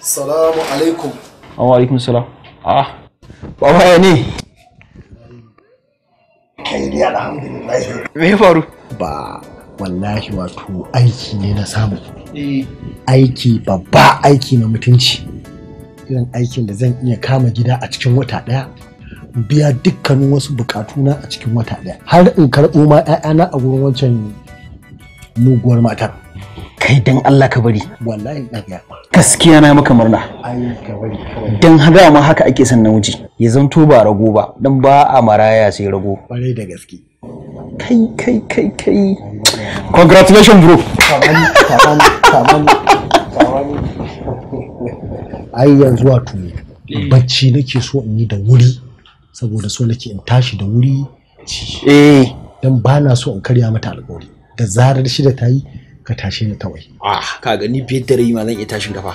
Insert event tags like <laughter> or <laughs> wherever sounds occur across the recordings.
salamu alaikum wa alaikum salam ah baba ya ne kai ne alhamdulillah me ya faru ba wallahi wato aiki ne na samu aiki babba aiki na mutunci irin aikin da zan iya kama gida a cikin wata daya biya dukkanin wasu bukatuna a cikin wata daya har in karɓo ma 'ya'yana a gurin wancan muguwar matar kai dan Allah ka bari wallahi na ga gaskiya na maka murna dan haga ma haka ake son namiji ya zanto ba rago ba dan ba a maraya sai rago bare da gaske kai kai kai kai congratulations bro ai yanzu wato bacci nake so in yi da wuri saboda so nake in tashi da wuri eh dan ba so in karya mata alƙawari da zarar shida ta yi ka tashi ni kawai ah ka gani biyar da rai ma zan iya tashin kafa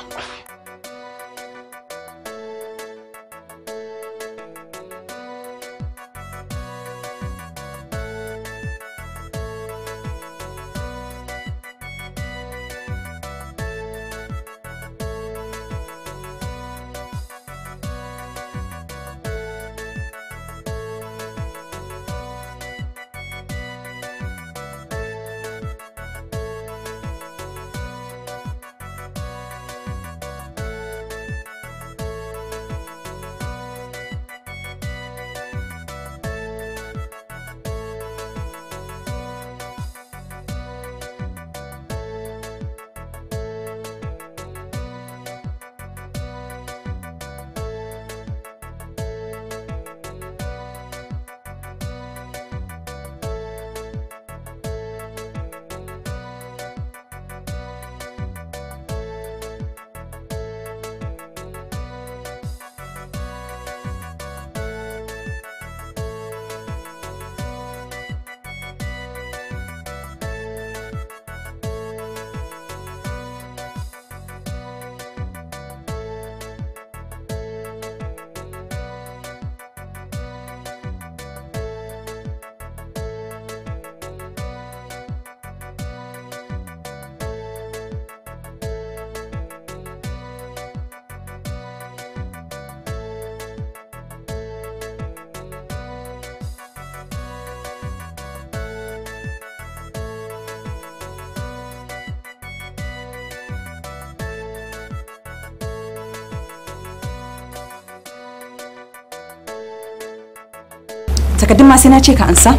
takaddun ma sai na ce ka ansa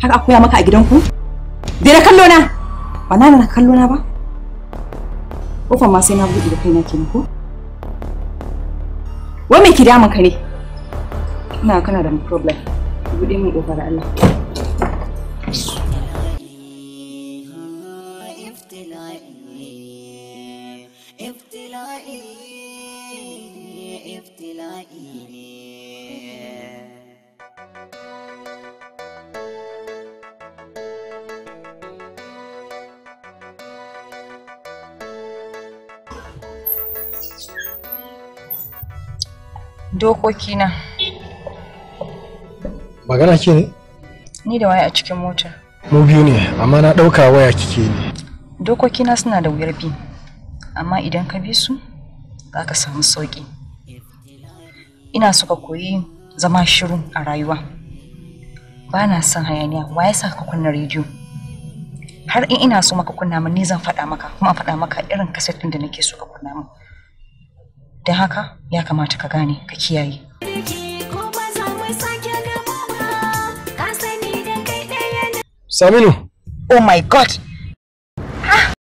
haka koya maka a gidanku dai na kallo na ba na na kallo na ba kofar ma sai na buɗe da kaina kenan ko wa me ki da ka ne ina kana da problem buɗe min kofar Allah dokokina magana ke ne ni da waya a cikin mota mu biyu ne amma na dauka waya kike ne dokokina suna da wuyar bi amma idan ka bi su za ka samu sauki ina so ka koyi zama shiru a rayuwa ba na son hayaniya wa ya sa ka kunna rediyo har in ina so maka kunna mun ni zan faɗa maka kuma faɗa maka irin kaset ɗin da nake so ka kunna min da haka ya kamata ka gane ka kiyaye Saminu. Oh my God! Ha!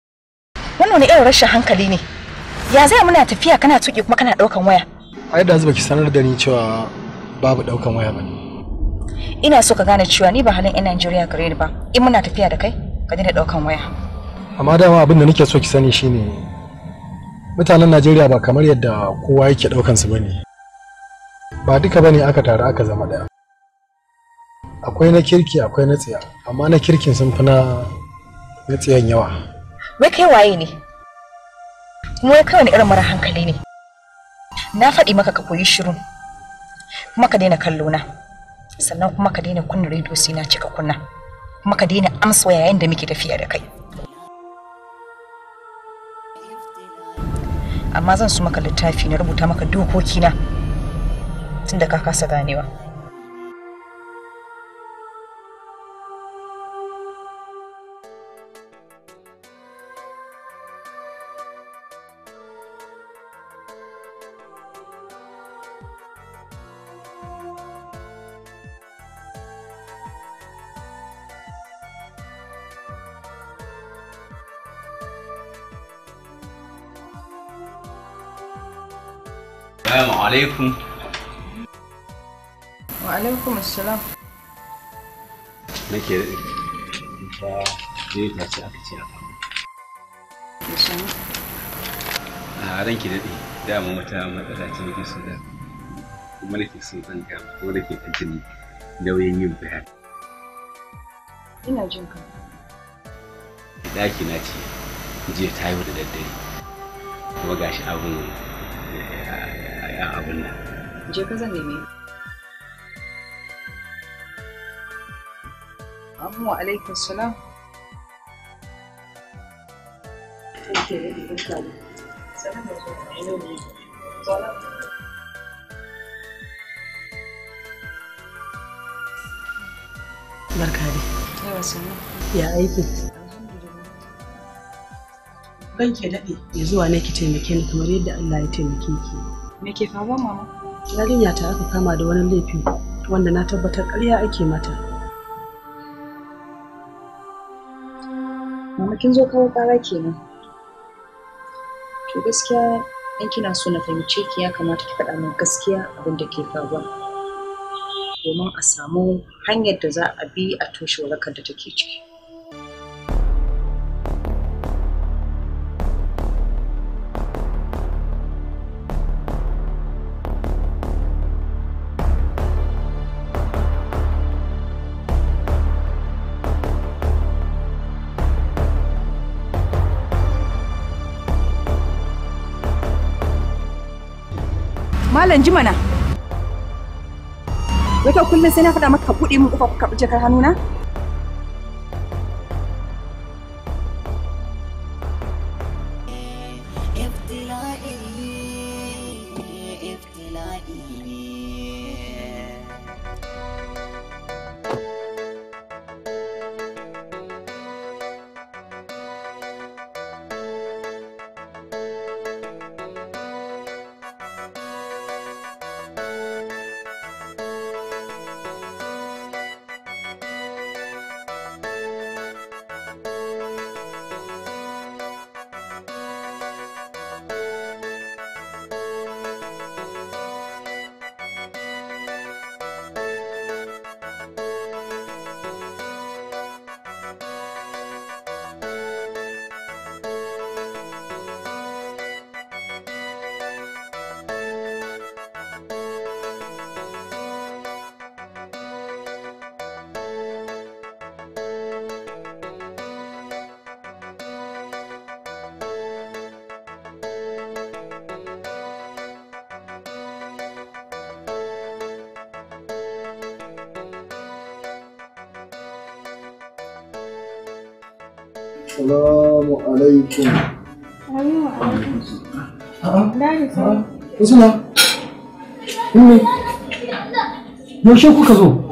Wannan wani irin rashin hankali ne. Ya zai muna tafiya kana tuki kuma kana ɗaukan waya? Ai da zuba ki sanar da ni cewa babu ɗaukan waya ba ne. Ina so ka gane cewa ni ba halin 'yan Najeriya gare ni ba. In muna tafiya da kai, ka daina ɗaukan waya. Amma dama abin da nake so ki sani shine mutanen najeriya ba kamar yadda kowa yake ɗaukansu ba ne ba duka ba ne aka taru aka zama ɗaya akwai na kirki akwai na tsiya amma na kirkin sun fi na na tsiyan yawa wai kai waye ne kuma wai kai irin mara hankali ne na faɗi maka ka koyi shiru. kuma ka daina kallo na sannan kuma ka daina kunna rediyo sai na cika kunna kuma ka daina amsa yayin da muke tafiya da kai amma zan su maka littafi na rubuta maka dokokina tunda ka kasa ganewa Assalamu alaikum. Wa alaikum assalam. Nake da zai ta ce aka ce a faru. Ke sani? A ranki daɗe, dama wata matsala ce nake so da kuma nake so ɗan ga ko nake ɗan jini nauyin yin bayani. Ina jin ka. Ɗaki na ce, jiya ta yi da daddare. Kuma gashi abin eh, a abin nan je ka zan neme amma alaikum salam Barka Yawa sanu. Ya aiki. Ban ke daɗe. Ya zuwa ki taimake ni kamar yadda Allah ya taimake ki. Me ke faruwa mama? Yarinya ta aka kama da wani laifi wanda na tabbatar ƙarya ake mata. Mama kin zo kawo ƙara kenan. To gaskiya in kina so na fahimce ki ya kamata ki faɗa min gaskiya abin da ke faruwa. Domin a samu hanyar da za a bi a toshe warakar da take ciki. Malam ji mana. Wata kullum sai na faɗa maka ka buɗe min ƙofa ka karɓi jakar hannuna? Assalamu alaikum. Usula, Umi, yaushe kuka zo?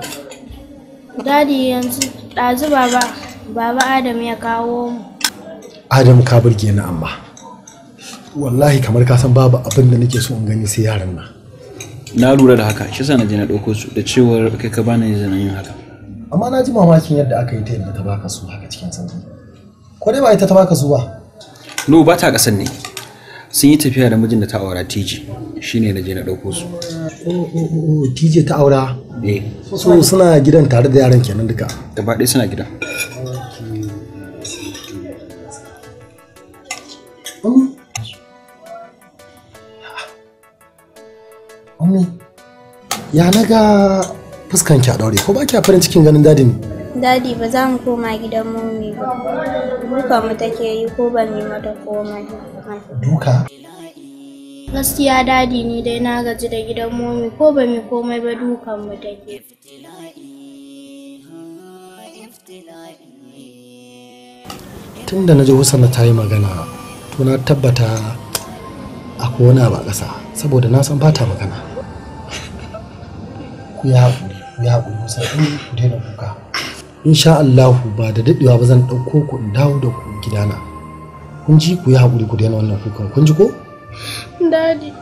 Dadi yanzu ɗazu baba, baba Adam ya kawo mu. Adam ka burge ni amma. Wallahi kamar ka san babu abin da nake so in gani sai yaran nan. Na lura da haka, shi sa na je na ɗauko su da cewar kai ka bani zanen yin haka. Amma na ji mamakin yadda aka yi ta yadda ta baka su haka. ko dai ba ita ta baka su ba no ba ta kasan ne sun yi tafiya da mijin da ta aura tiji shine na je na dauko su oh, oh, oh, tiji ta aura eh so suna gidan tare da yaran kenan duka gaba ɗaya suna gida ya na ga fuskanki a daure ko ba ki farin cikin ganin dadi ne? Dadi ba za mu koma gidan mummi ba. Duka mu take yi ko ba mu mata komai. Duka? Gaskiya dadi ni dai na gaji da gidan mummi ko ba mu komai ba dukan mu take. Tun da na ji Hussan ta yi magana, to na tabbata a kona ba ƙasa saboda na san fata magana. <laughs> Ku ya haƙuri, ku ya haƙuri, ku daina kuka. insha Allahu ba da daɗewa ba zan ɗauko ku in dawo da ku gidana kun ji ku yi haƙuri ku daina wannan kukan kun ji ko? Dadi,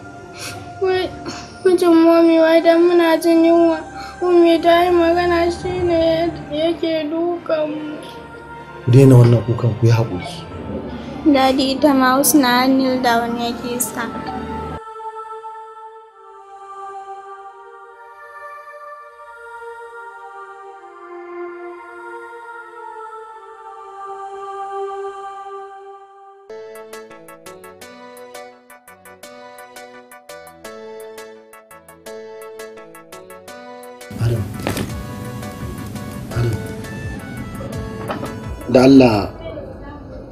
wai mijin mami wai dan muna jin yunwa umi ta yi magana shi ne yake dukan mu. Ku daina wannan kukan ku yi haƙuri. Dadi ita ma wasu na hannun da wani yake sa. da Allah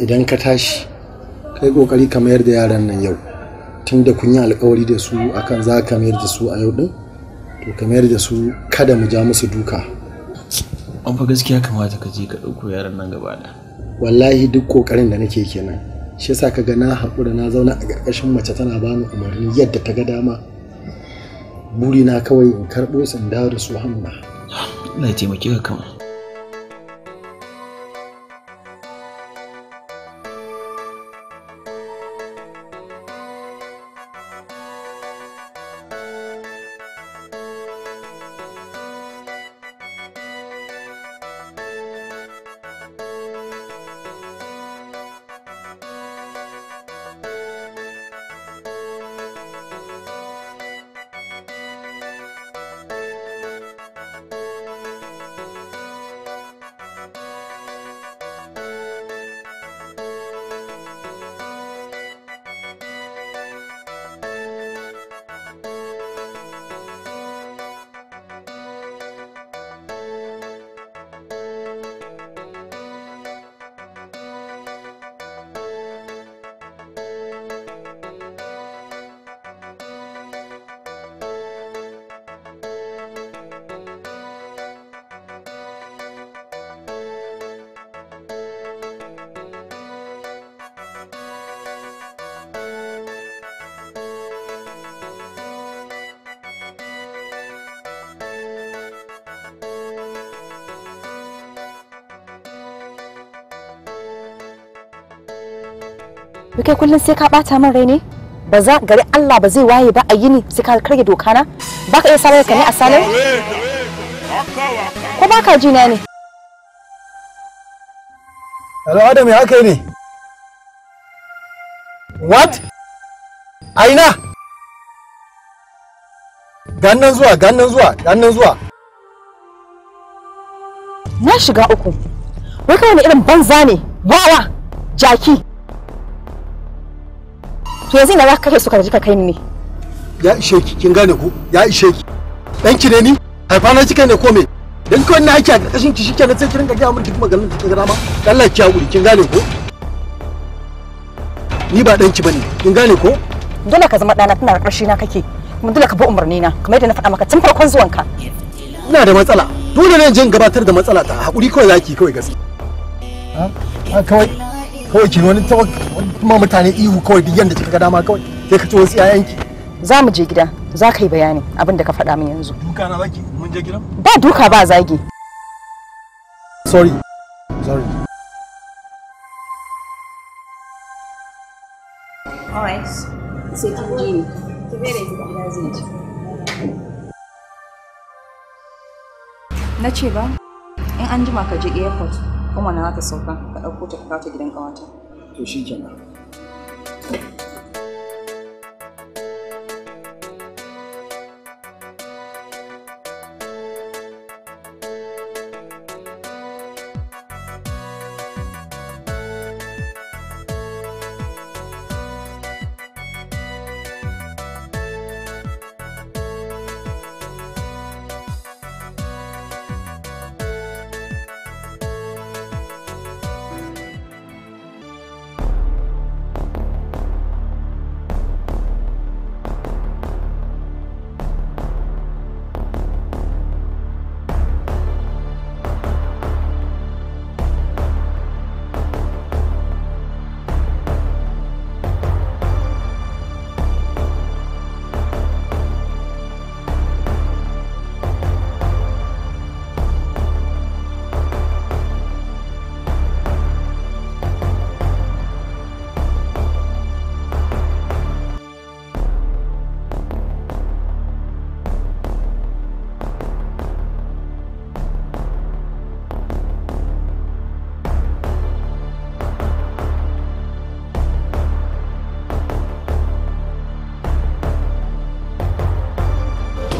idan ka tashi kai kokari ka mayar da yaran nan yau tun da kun yi alkawari da su akan za ka mayar da su a yau din to ka mayar da su kada mu ja musu duka an fa gaskiya kamata ka je ka ɗauko yaran nan gaba da wallahi duk kokarin da nake kenan shi yasa ka ga na hakura na zauna a ƙarƙashin mace tana ba bani umarni yadda ta ga dama burina kawai in karɓo su da su hamma Allah ya taimake ka kama kai kullum sai ka bata min rai ne ba za gari Allah ba zai waye ba a yini sai ka karye doka na ba ka iya sanar ka ne a sanar. ko ba ka ji na ne Hello Adam ya kai ne What Aina Gannan zuwa gannan zuwa gannan zuwa Na shiga uku wai kawai irin banza ne wawa jaki to yanzu ina za ka kashe su ka ji ka kai ni ya ishe ki kin gane ko ya ishe ki dan ki ne ni haifa na kika ne ko me dan ko ina haka da kashin ki na sai ki rinka ga mun duk maganar da kika dama Allah ki hakuri kin gane ko ni ba dan ki bane kin gane ko dole ka zama dana tana karshe na kake kuma dole ka bi umarni na kamar yadda na faɗa maka tun farkon zuwanka ina da matsala dole ne jin gabatar da matsala ta hakuri kawai zaki kawai gaskiya ha kawai kawai ki wani kuma mutane ihu kawai duk yanda kika ga dama kawai sai ka ci wasu yayanki za mu je gida za ka yi bayani abin da ka faɗa min yanzu duka na zaki mun je gida ba duka ba zagi sorry sorry na ce ba in an jima ka je airport kuma na za ta sauka ka ɗauko ta fita ta gidan ƙawata to shi kenan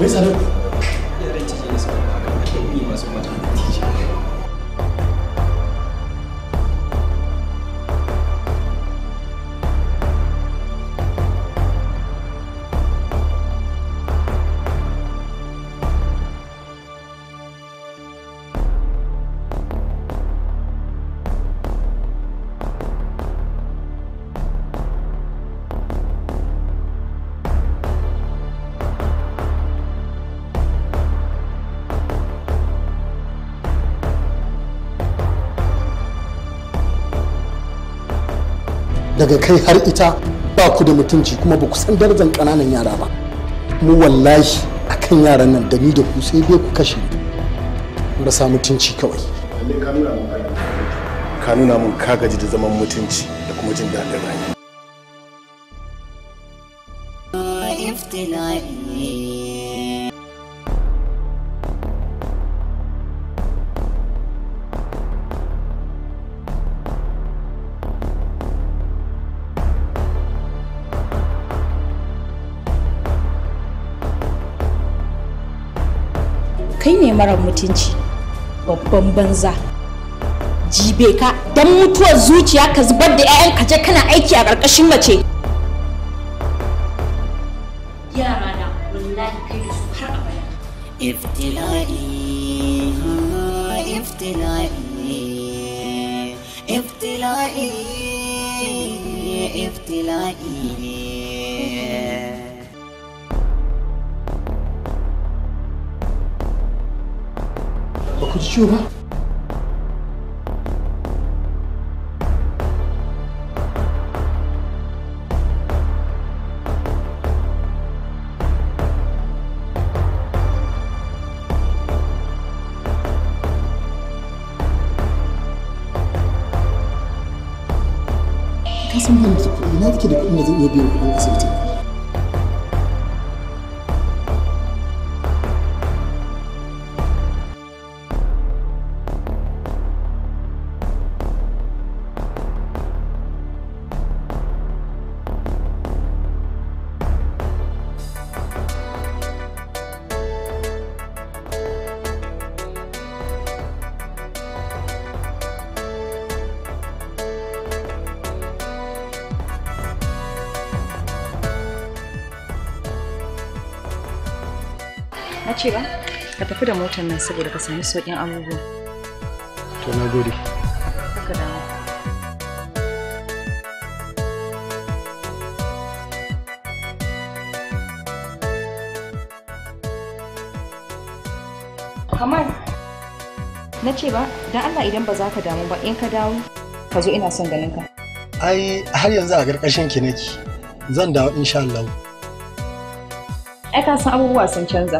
召される daga kai har ita ba ku da mutunci kuma ba ku san darajar ƙananan yara ba mu wallahi kan yaran nan da ni da ku sai dai ku kashe rasa mutunci kawai ka nuna mun ka gaji da zaman mutunci da kuma jin daɗin rayuwa kai ne marar mutunci babban banza jibe ka don mutuwar zuciya ka zubar da 'ya'yan kaje kana aiki a ƙarƙashin mace yara iftila'i iftila'i iftila'i Shubha. Kasım Hanım, ne kadar bir konuda uyabilir olmasıdır? ka ce ba ka tafi da motar nan saboda ka sami sauƙin abubuwa to na gode Kamar na ce ba, don Allah idan ba za ka damu ba in ka dawo, ka zo ina son ganin ka. Ai, har yanzu a ƙarƙashin ki zan dawo insha Allah. Ai, ka san abubuwa sun canza.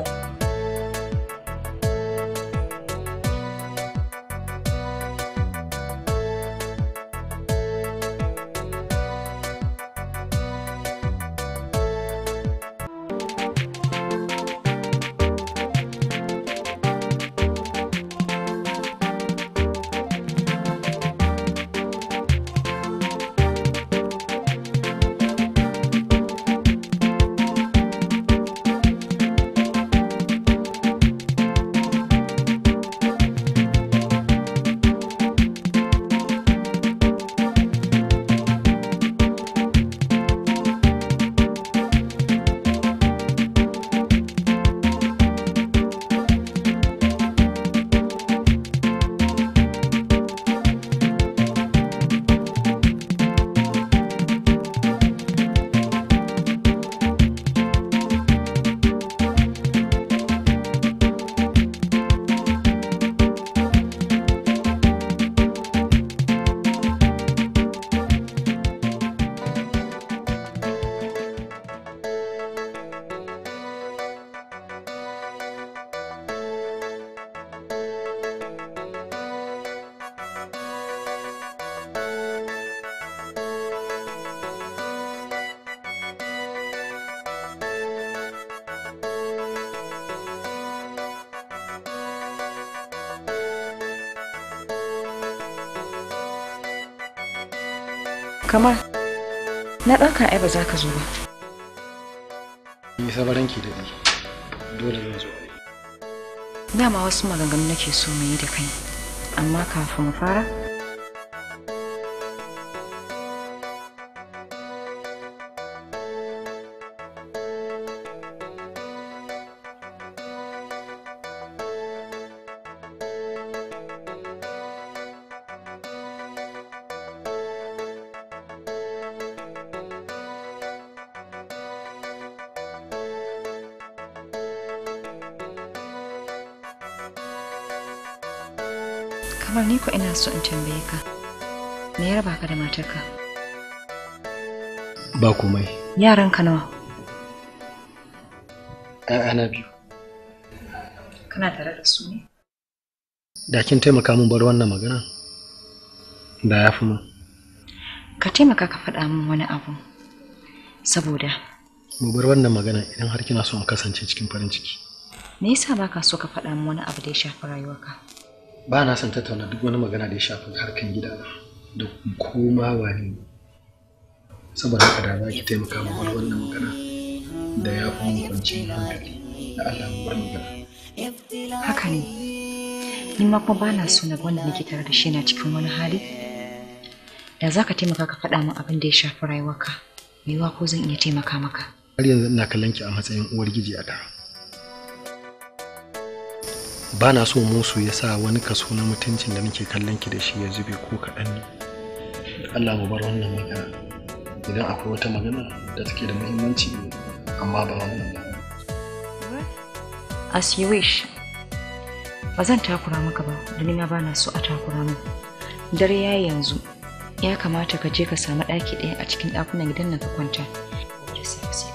na ɗauka ai ba za ka zo ba. Ni baran ki da ni dole zan zo. Dama wasu maganganu nake so mu yi da kai amma kafin mu fara kamar ni ko ina so in tambaye ka. Me ya raba ka da matarka? Ba komai. Yaran ka nawa? Ana biyu. Kana tare da su ne? Da kin taimaka min bar wannan magana? Da ya fi mun. Ka taimaka ka faɗa min wani abu. Saboda. Mu bar wannan magana idan har kina so in kasance cikin farin ciki. Me yasa ba ka so ka faɗa min wani abu da ya shafi rayuwarka? ba na son tattauna duk wani magana da ya shafi harkan gida da koma wani saboda haka da za ki taimaka ma wani wannan magana da ya fi mun kwanciyar hankali da Allah mu bar magana. Haka ne, ni ma kuma ba na so na wanda nake tare da shi na cikin wani hali. Da za ka taimaka ka faɗa min abin da ya shafi rayuwarka, yiwuwa ko zan iya taimaka maka. Har yanzu ina kallon ki a matsayin uwar giji a ta. ba na so musu ya sa wani kaso na mutuncin da nake kallon ki da shi ya zube ko kaɗan ne Allah mu bar wannan magana idan akwai wata magana da take da muhimmanci amma ba wannan ba as you wish ba zan takura maka ba domin na so a takura mu. dare ya yanzu ya kamata ka je ka samu ɗaki ɗaya a cikin ɗakunan gidan nan ka kwanta sai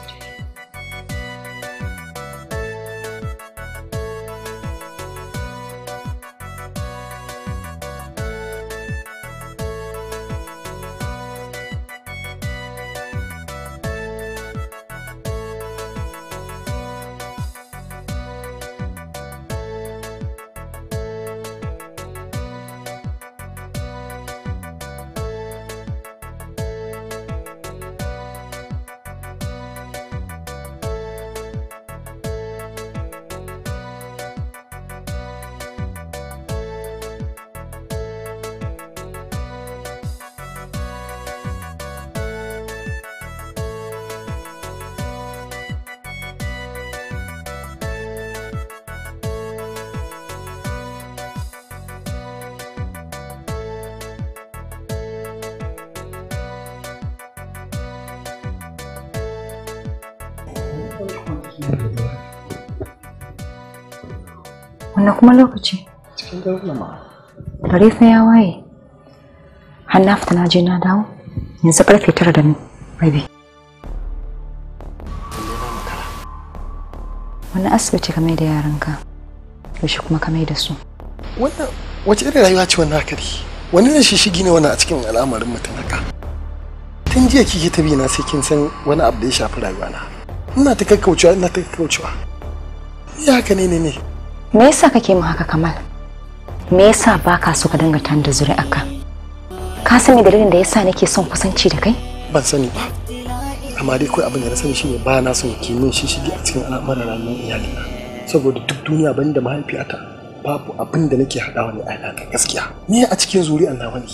kuma lokaci cikin gaggama dare sai ya waye har na fita na je na dawo yanzu karfe tara da rabi wani asibiti ka mai da yaranka yaushe kuma ka mai da su wannan wace irin rayuwa ce wannan haka wani ne shishigi ne wani a cikin al'amarin mutum haka tun jiya kike ta na sai kin san wani abu da ya shafi rayuwa na ina ta kakkaucewa ina ta kakkaucewa ya haka ne ne ne me yasa kake mu haka kamal me yasa ba ka so ka da tanda zuri'arka ka san me dalilin da yasa nake son kusanci da kai ban sani ba amma dai kawai abin da na sani shine ba na son ki min shige a cikin al'amuran rayuwar iyali saboda duk duniya ban da mahaifiyata babu abin da nake haɗawa ne a gaskiya ni a cikin zuri'ar nawa ne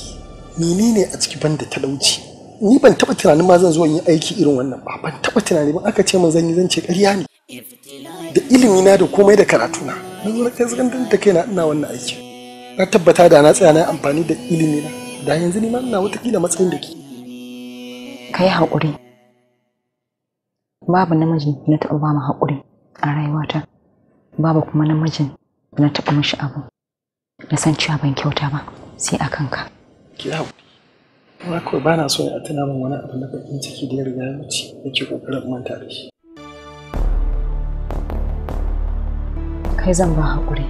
menene a ciki ban da talauci ni ban taba tunanin ma zan zo in yi aiki irin wannan ba ban taba tunani ba aka ce min zan yi zan ce ƙarya ne da ilimina da komai da karatuna na zo na kai zagandun da na ina wannan aiki na tabbata da na tsaya na amfani da ilimina da yanzu ni ma ina kila matsayin da ke kai haƙuri babu namiji na taɓa ba mu haƙuri a rayuwata babu kuma namijin na taɓa mishi abu na san cewa ban kyauta ba sai a kanka ki hakuri ba na so a tuna min wani abu na bakin ciki da ya riga ya wuce yake kokarin manta da shi kai zan ba hakuri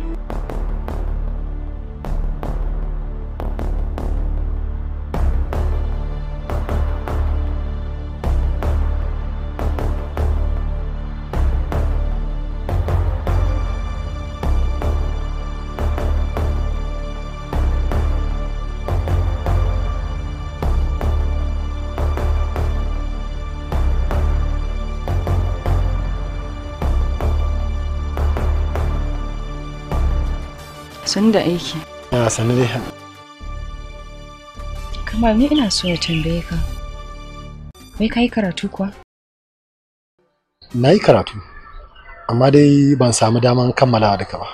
sun da aiki ya sani dai kamar ni ina so na tambaye ka wai ka yi karatu kuwa na yi karatu amma dai ban samu daman kammala duka ba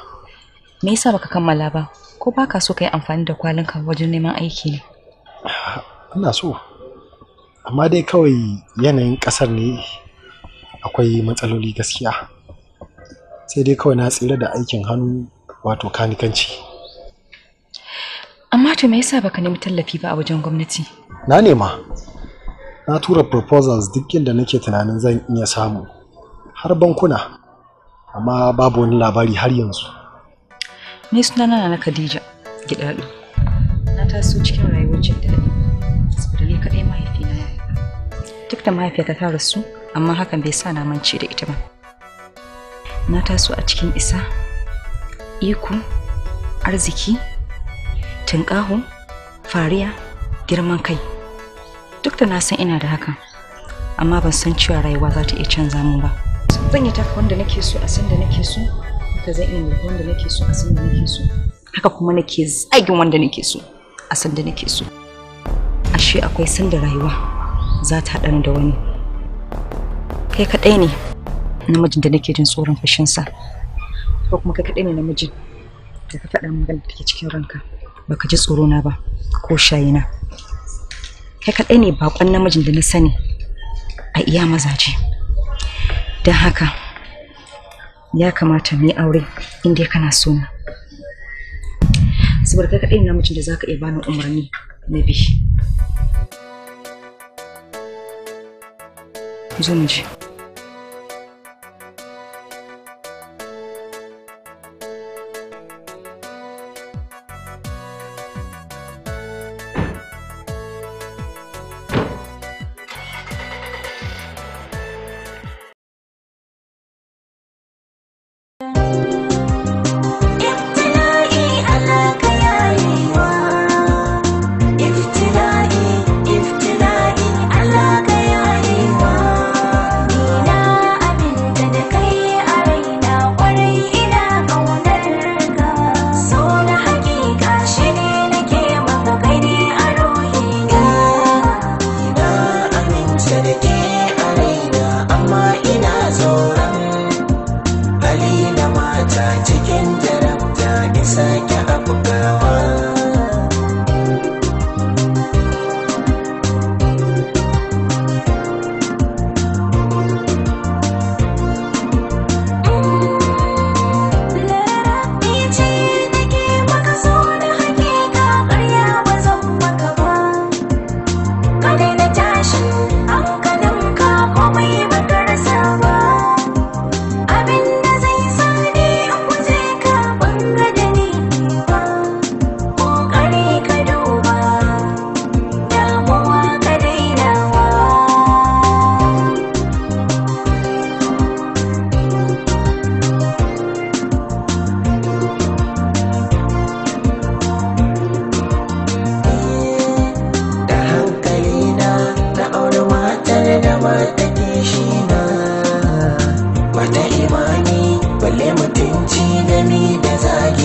me yasa baka kammala ba ko ba ka so ka yi amfani da kwalinka wajen neman aiki ne ina so amma dai kawai yanayin kasar ne akwai matsaloli gaskiya sai dai kawai na tsira da aikin hannu wato kanikanci amma to me yasa baka nemi tallafi ba a wajen gwamnati na nema na tura proposals duk inda nake tunanin zan iya samu har bankuna amma babu wani labari har yanzu ni sunana na Khadija Gidado na taso cikin rayuwar jin daɗi saboda ni kaɗai mahaifina ya yi duk da mahaifiyata ta rasu amma hakan bai sa na mance da ita ba na taso a cikin isa iko arziki tunƙaho fariya girman kai duk da na san ina da hakan amma ban san cewa rayuwa za ta iya canza mun ba zan yi taka wanda nake so a san da nake so haka zan iya wanda nake so a san da nake so haka kuma nake zagin wanda nake so a san da nake so ashe akwai san da rayuwa za ta haɗa da wani kai kaɗai ne namijin da nake jin tsoron sa ko kuma kai kaɗai ne namijin da ka faɗa magana da take cikin ranka baka ji tsoro na ba ko shayina na kai kaɗai ne bakon namijin da na sani a iya mazaje don haka ya kamata mu yi aure inda kana so na saboda kai kaɗai ne namijin da zaka iya bani umarni na bi zo mu need is I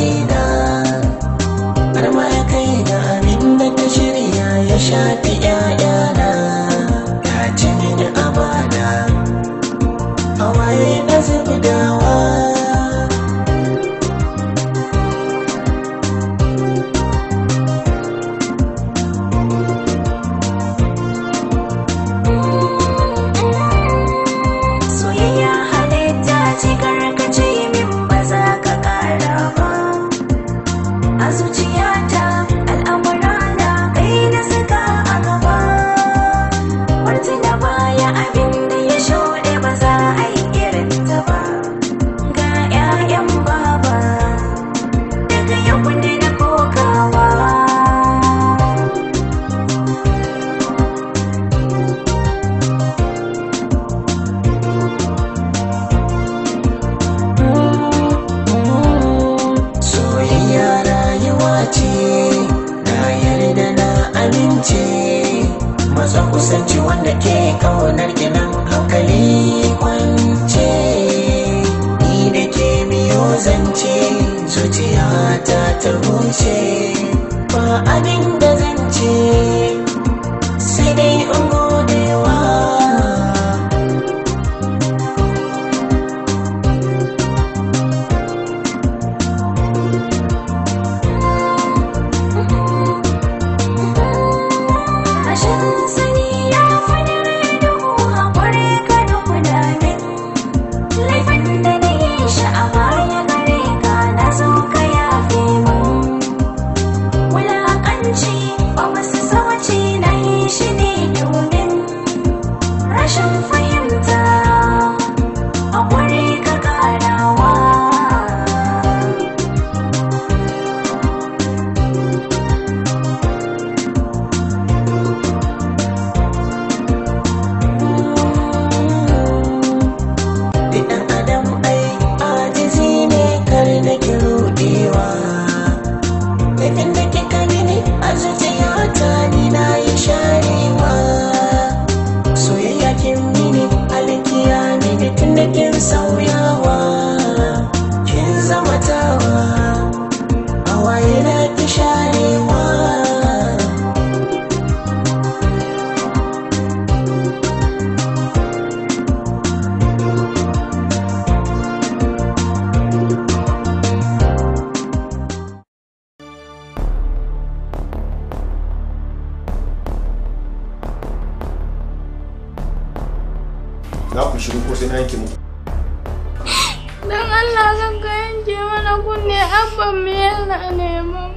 dan Allah kan ka yanke mana kunne abban me yana <laughs> neman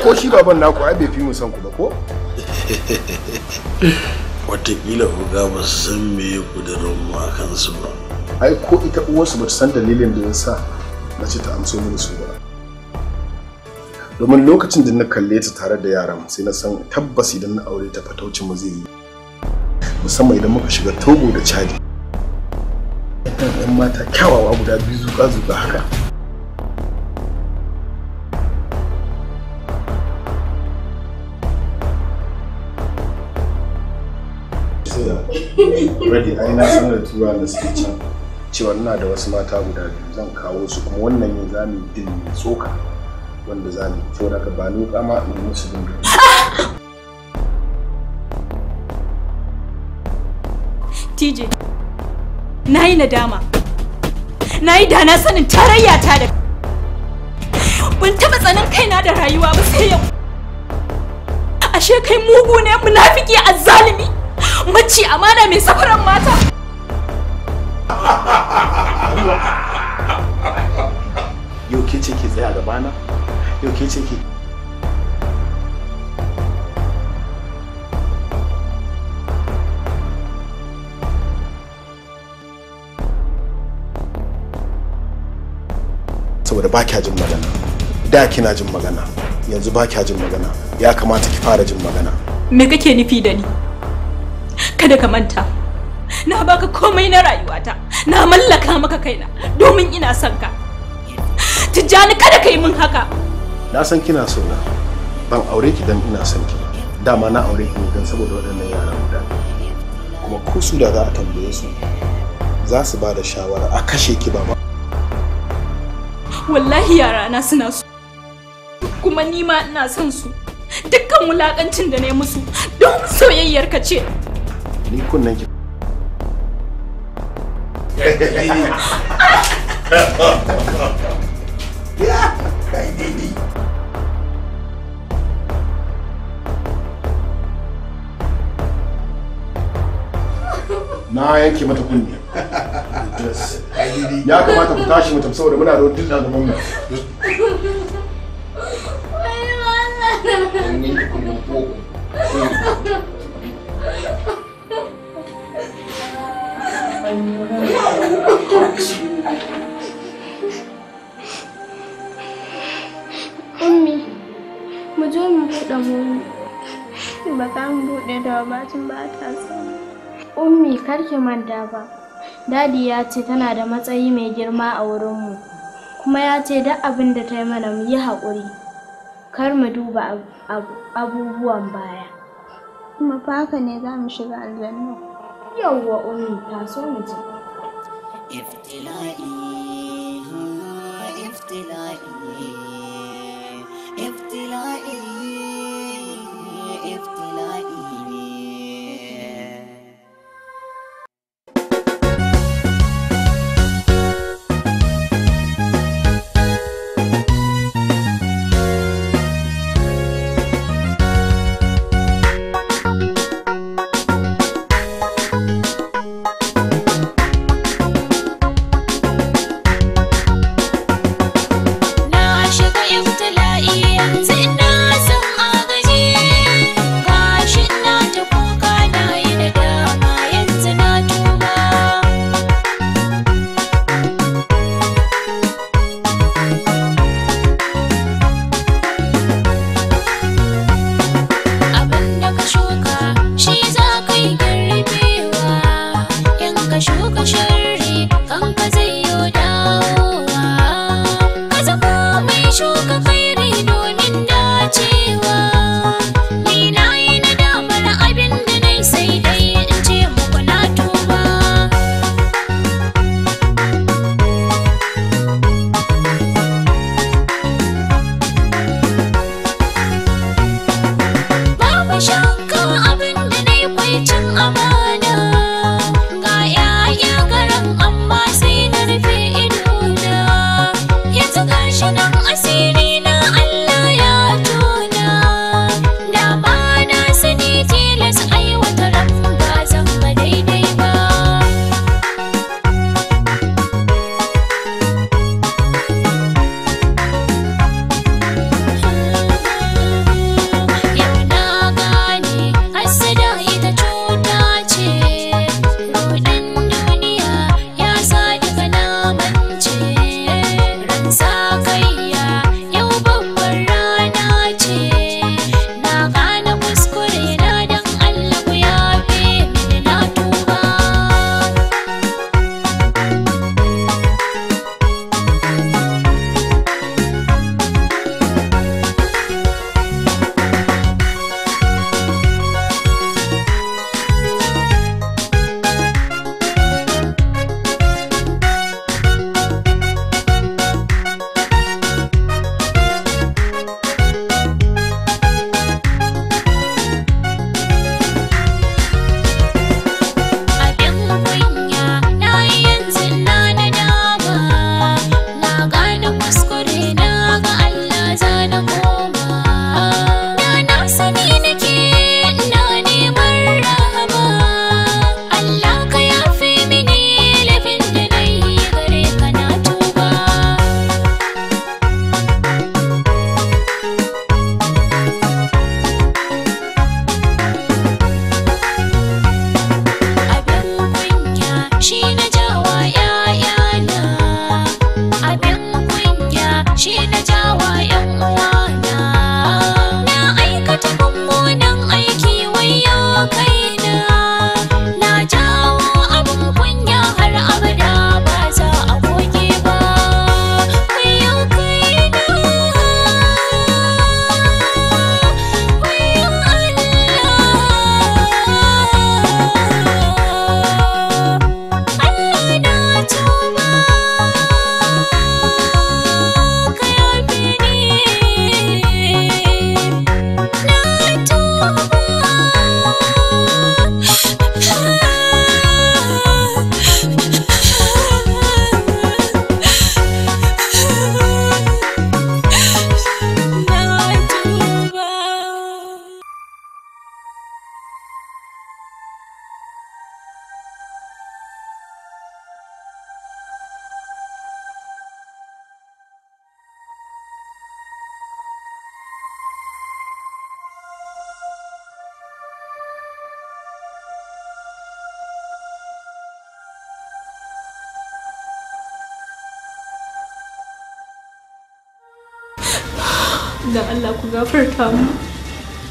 ko shi baban naku ai bai fi mu san ku ba ko <laughs> watakila ku ba su san me ya kudurin mu kansu ba ai ko ita uwarsu ba san dalilin da ya sa na ce ta amso mini su ba domin lokacin da na kalle ta tare da yaran sai na san tabbas idan na aure ta fataucin mu zai yi musamman idan muka shiga togo da chadi yan yan mata kyawawa guda biyu zuka zuka haka Ready, ai na san da tura da suke can cewa ina da wasu mata guda biyu zan kawo su kuma wannan ne za mu yi tsoka. wanda za mu so daga ba ni kama in musu dinga. TJ na yi nadama na yi da sanin tarayya ta da ban taɓa tsanin kaina da rayuwa ba sai yau ashe kai mugu ne munafiki azzalimi mace amana mai safaran mata <laughs> yau ke ce ke tsaya gabana yau ke ke saboda ba kya jin magana da kina jin magana yanzu ba kya jin magana ya kamata ki fara jin magana me kake nufi da ni kada ka manta na baka komai na rayuwata na mallaka maka kaina domin ina son ka tijjani kada ka yi min haka na san kina so na ban aure ki dan ina san ki dama na aure ki dan saboda waɗannan yara guda kuma ko su da za a tambaye su za su ba da shawara a kashe ki ba wallahi yara na suna so kuma ni ma ina son su dukkan wulakancin da na yi musu don soyayyar ka ce ni kunnen ki <laughs> <laughs> <laughs> Yeah. ta yi na yanke mata kunya ya kamata ku tashi mu saboda muna da wani dinna gaban zo mu buɗe muni ba za mu buɗe da bacin ba ta ummi kar ki manta ba dadi ya ce tana da matsayi mai girma a wurinmu kuma ya ce duk abin da ta yi mana mu yi haƙuri kar mu duba abubuwan baya kuma fa ne za mu shiga aljanna yawwa ummi ta so mu ji iftila'i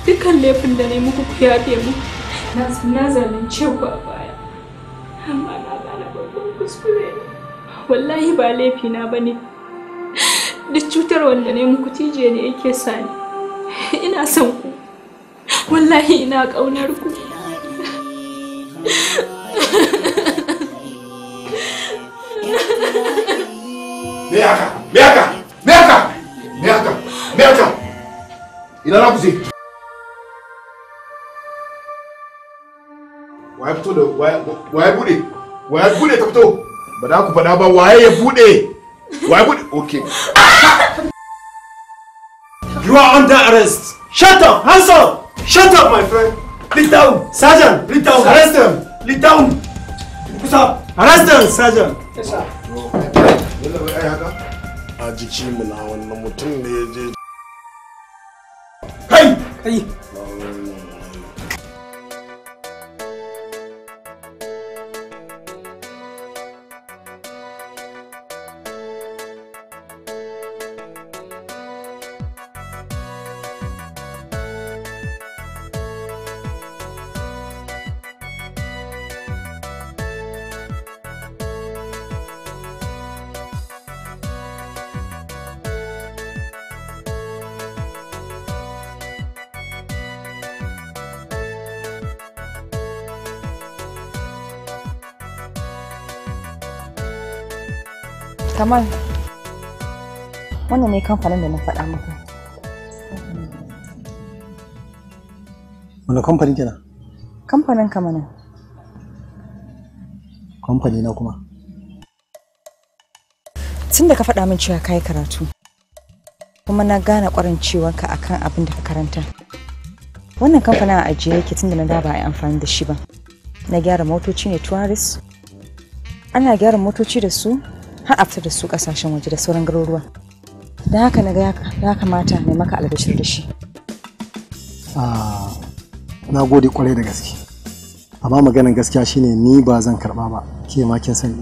dukkan laifin da ne muku ku yafe mu na na zalunce ku a baya amma na gane babban kuskure wallahi ba laifi na bane duk cutar wanda ne muku tije ne yake sani ina son ku wallahi ina kaunar ku Me haka? Me haka? Me haka? Me haka? Me haka? Ina na ku waye bude waye bude ta fito ba za ku waye ya okay you are under arrest shut up hands up shut up my friend lead down sergeant lead down arrest them lead down kusa arrest them sergeant yes sir a jiki mu na wannan mutum ne ya je Kamal, wannan ne kamfanin da na faɗa maka. Wani kamfani kenan? Kamfanin kamanin. Kamfani na kuma? Tun da ka faɗa min cewa kayi karatu, kuma na gane ƙwarin ka akan abin da ka karanta. Wannan kamfanin a ajiye yake tun da na da ba a yi amfani da shi ba. Na gyara motoci ne tourist. Ana gyara motoci da su har afta da su kasashen waje da sauran garuruwa da haka na ga ya kamata ne maka albashir da shi ah, na gode kwarai da gaske amma maganin gaskiya shine ni ba zan karba ba ke ma kin sani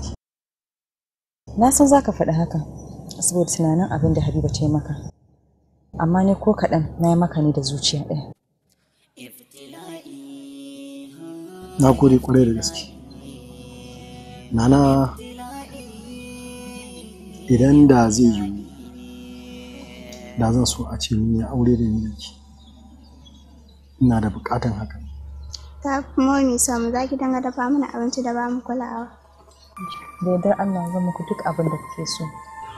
na san zaka faɗi haka saboda tunanin abin da habiba ta yi maka amma ne ko kaɗan na yi maka ne da zuciya ɗaya na gode kwarai da gaske nana idan da zai yiwu da zan so a ce ni ya aure da miliki ina da bukatan hakan ta kuma ni samu za ki danga ba mana abinci da ba mu kulawa da yadda Allah zan muku duk abin da kuke so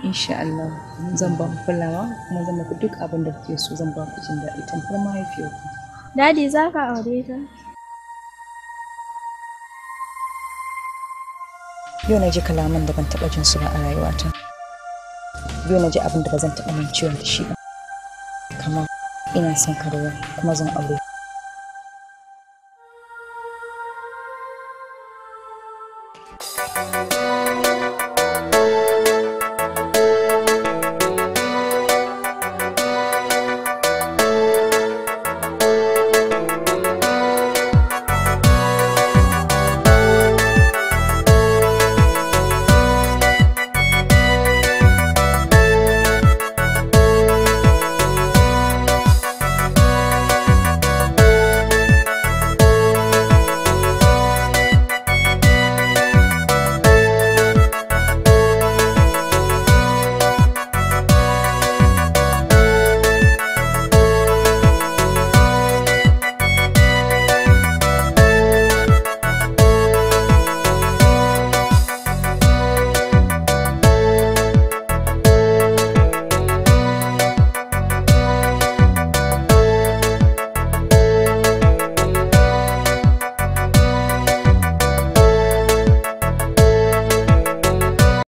insha Allah zan ba ku kulawa kuma zan muku duk abin da kuke so zan ba ku jin daɗi tamfar mahaifiyarku dadi za ka aure ta yau na ji kalaman da ban taɓa jin su ba a rayuwata yau na ji abin da ba zan taɓa mancewa da shi ba kamar ina son karewa kuma zan aure